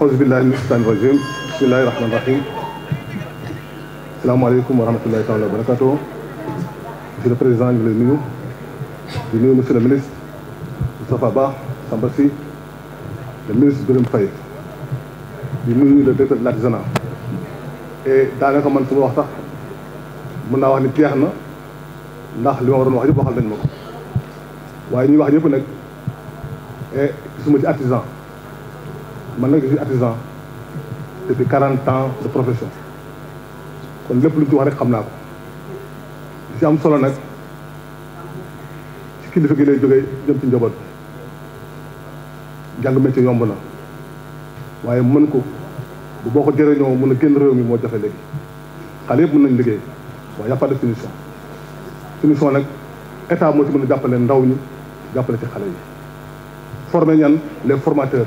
أعوذ بالله من الشيطان الرجيم بسم الله الرحمن الرحيم السلام عليكم ورحمة الله تعالى وبركاته Monsieur le Président ñu lay le di nuyu monsieur le ministre Moustapha Ba Sambassi, le ministre Birame Faye di nuyu le directeur de l'artisanat et dans le daanaka man su ma wax sax mën je wax ni jeex na ndax li ma waroon wax yëpp waxal je ma ko waaye ñuy wax ñëpp nag e gisuma ci artisan man nag je suis artisan depuis quarante ans de profession kon lépp luñ ci wax rek xam naa ko li si am solo nag ci kilifa gi lay jógee jëm ci njaboot bi jàng métier yomb na waaye mën ko bu boo ko ñoo mën a génn réew mi moo jafe léegi xale yëpp mën nañ liggéey waaye y a pas de nag état moo ci mën a jàppale ndaw ñi jàppale ci xale yi former ñan les formateurs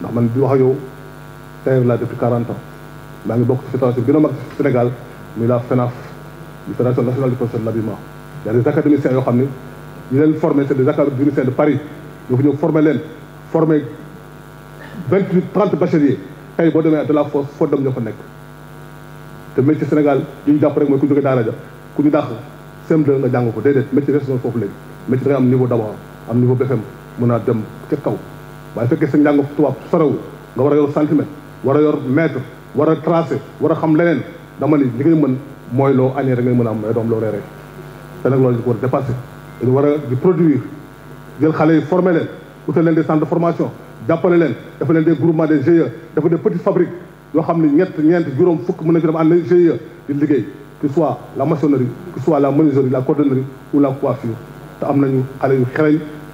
ndax man bi wax ak yow élève la depuis 40 ans maa ngi bokk ci fédération bi gën a mag Sénégal muy la FENAF di fédération nationale du professeur de l'habillement y a des académiciens yoo xam ne ñu leen formé c'est des académiciens de Paris ñoo ko ñëw formé leen formé 28 30 trente bacheliers tey boo demee de la force foo dem ñoo fa nekk te métier Sénégal li ñu jàpp rek mooy ku jóge daara ja ku ñu dàq sem 2 nga jàng ko déedéet métier resté foofu léegi métier da am niveau d'abord am niveau BFM mun naa dem ca kaw waaye fekkee sa njàngu tubaab sorewul nga war a yor centimètre war a yor mètre war a tracé war a xam leneen dama ni li ngay mën mooy loo añee rek ngay mën a am ay doom loo reeree te nag loolu ñu ko war a dépassé dañu war a di produire jël xale yi forme leen utal leen des centres de formation jàppale leen dafa leen des groupements des GIE dafa des petites fabriques yoo xam ne ñett ñeent juróom fukk mën nañ ci dem ànd GIE di liggéey que soit la maçonnerie que la menuiserie la cordonnerie ou la coiffure am nañu xale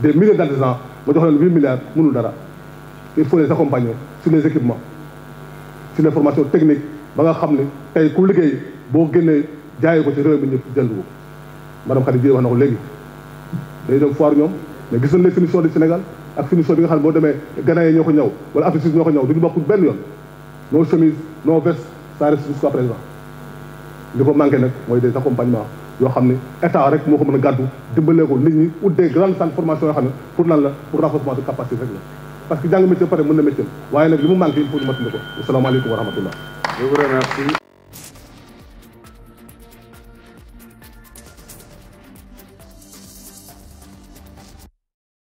des milliers d'artisans ma j'ai 8 milliards mënul dara il faut les accompagner sur les équipements sur les formations techniques ba nga xam ne tey ku liggéey boo génnee jaayee ko ci réew mi ñëpp jënd madame Khadija, Dieng wax na ko léegi dañuy dem foire ñoom mais gis les ne finition du Sénégal ak finition bi nga xam ne boo demee Gana yi wala Afrique ñoo ko ñëw duñu bokk benn yoon nos chemises nos vestes ça reste jusqu'à présent li ko manqué nag mooy des accompagnements yoo xam ne état rek moo ko mën a gàddu dimbalee ko nit ñi ut des grandes centres de formation yoo xam ne pour lan la pour renforcement de capacité rek la parce que jàng métier pare mën na métier waaye nag li mu manqué il faut ñu ko asalaamaaleykum wa rahmatullah